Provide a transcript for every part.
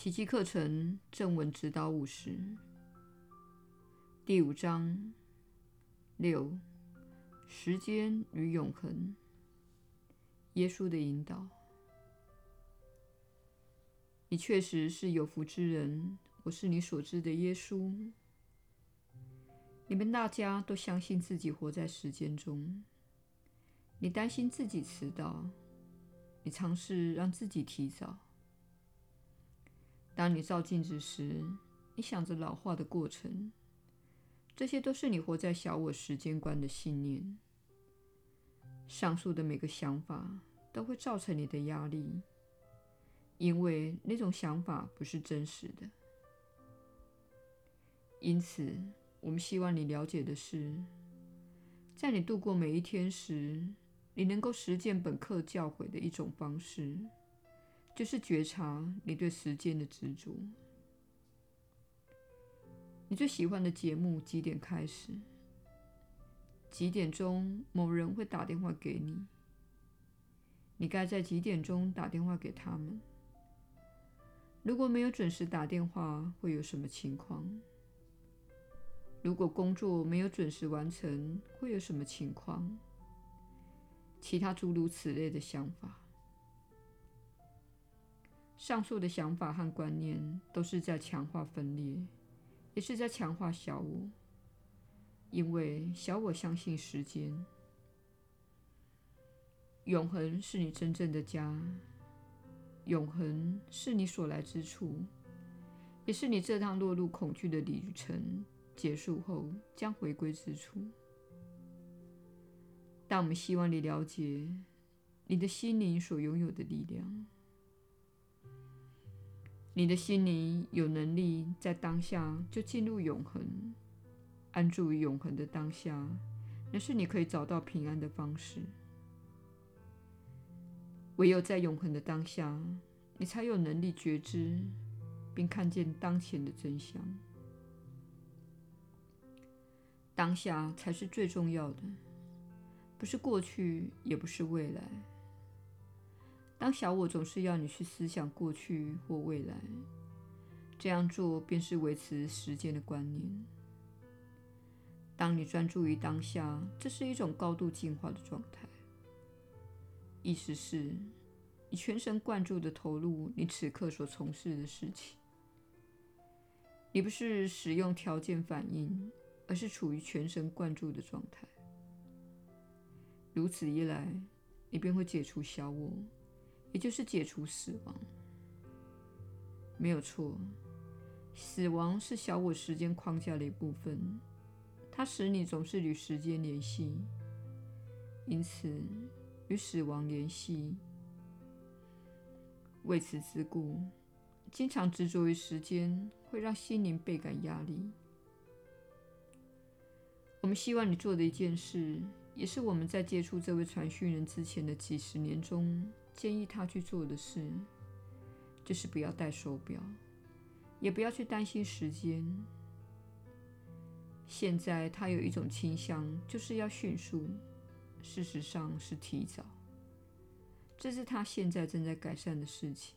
奇蹟課程正文指導五十，第五章六，時間與永恆。耶穌的引導，你確實是有福之人。我是你所知的耶穌。你們大家都相信自己活在時間中。你擔心自己遲到，你嘗試讓自己提早。當你照鏡子時，你想着老化的過程，這些都是你活在小我時間觀的信念。上述的每個想法都會造成你的壓力，因為那種想法不是真實的。因此，我們希望你了解的是，在你度過每一天時，你能夠實踐本課教誨的一種方式。就是覺察你對時間的執着。你最喜歡的節目幾點開始？幾點鐘某人會打電話給你？你該在幾點鐘打電話給他們？如果沒有準時打電話，會有什麼情況？如果工作沒有準時完成，會有什麼情況？其他諸如此類的想法。上述的想法和觀念都是在強化分裂，也是在強化小我，因為小我相信時間。永恆是你真正的家，永恆是你所來之處，也是你這趟落入恐懼的旅程結束後將回歸之處。但我們希望你了解你的心靈所擁有的力量。你的心靈有能力在當下就進入永恆，安住於永恆的當下，那是你可以找到平安的方式。唯有在永恆的當下，你才有能力覺知並看見當前的真相。當下才是最重要的，不是過去，也不是未來。當小我總是要你去思想過去或未來，這樣做便是維持時間的觀念。當你專注於當下，這是一種高度進化的狀態。意思是，你全神貫注的投入你此刻所從事的事情。你不是使用條件反應，而是處於全神貫注的狀態。如此一來，你便會解除小我。也就是解除死亡，沒有錯。死亡是小我時間框架的一部分，它使你總是與時間聯繫，因此與死亡聯繫。為此之故，經常執着於時間會讓心靈備感壓力。我們希望你做的一件事，也是我們在接觸這位傳訊人之前的幾十年中。建議他去做的事，就是不要戴手錶，也不要去擔心時間。現在他有一種傾向，就是要迅速，事實上是提早。這是他現在正在改善的事情。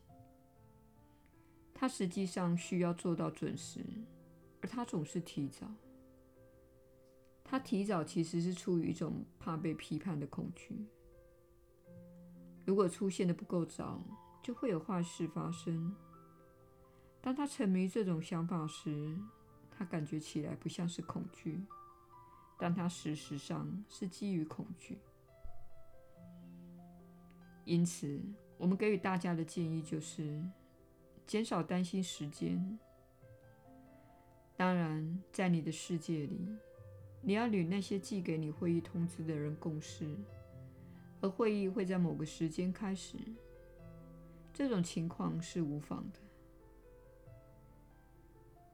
他實際上需要做到準時，而他總是提早。他提早其實是出於一種怕被批判的恐懼。如果出現得不夠早，就會有壞事發生。當她沉迷於這種想法時，它感覺起來不像是恐懼，但它事實上是基於恐懼。因此，我們給予大家的建議就是，減少擔心時間。當然，在你的世界裡，你要與那些寄給你會議通知的人共事。而會議會在某個時間開始，這種情況是無妨的。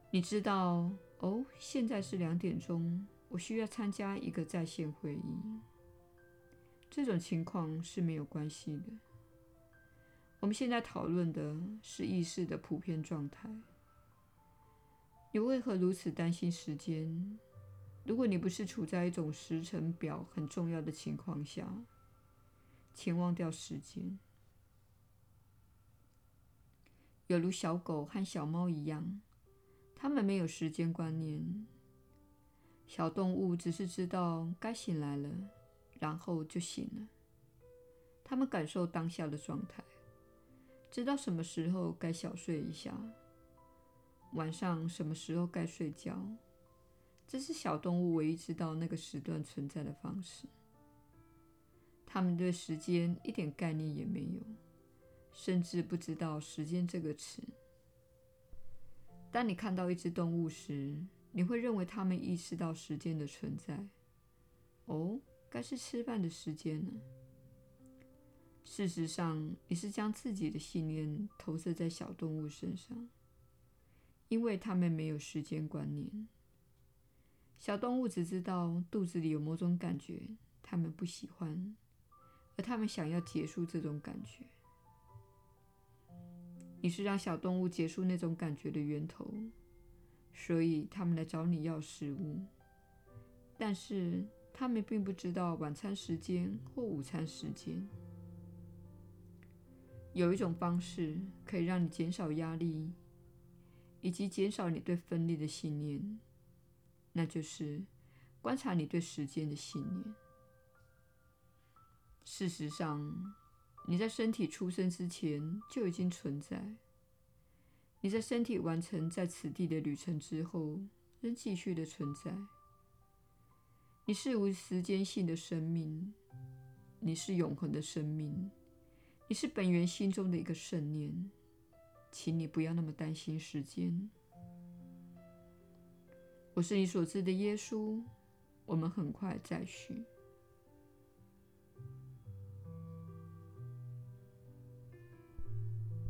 你知道哦，現在是兩點鐘，我需要參加一個在線會議，這種情況是沒有關係的。我們現在討論的是意識的普遍狀態。你為何如此擔心時間？如果你不是處在一種時程表很重要的情況下。請忘掉時間，有如小狗和小貓一樣，它們沒有時間觀念。小動物只是知道該醒來了，然後就醒了。它們感受當下的狀態，知道什麼時候該小睡一下，晚上什麼時候該睡覺。這是小動物唯一知道那個時段存在的方式。他們對時間一點概念也沒有，甚至不知道“時間”這個詞。當你看到一只動物時，你會認為他們意識到時間的存在。哦，該是吃飯的時間了。事實上，你是將自己的信念投射在小動物身上，因為它們沒有時間觀念。小動物只知道肚子裡有某種感覺，它們不喜歡。而他們想要結束這種感覺，你是讓小動物結束那種感覺的源頭，所以他們來找你要食物，但是他們並不知道晚餐時間或午餐時間。有一種方式可以讓你減少壓力，以及減少你對分裂的信念，那就是觀察你對時間的信念。事實上，你在身體出生之前就已經存在；你在身體完成在此地的旅程之後，仍繼續的存在。你是無時間性的生命，你是永恆的生命，你是本源心中的一個聖念。請你不要那麼擔心時間。我是你所知的耶穌。我們很快再續。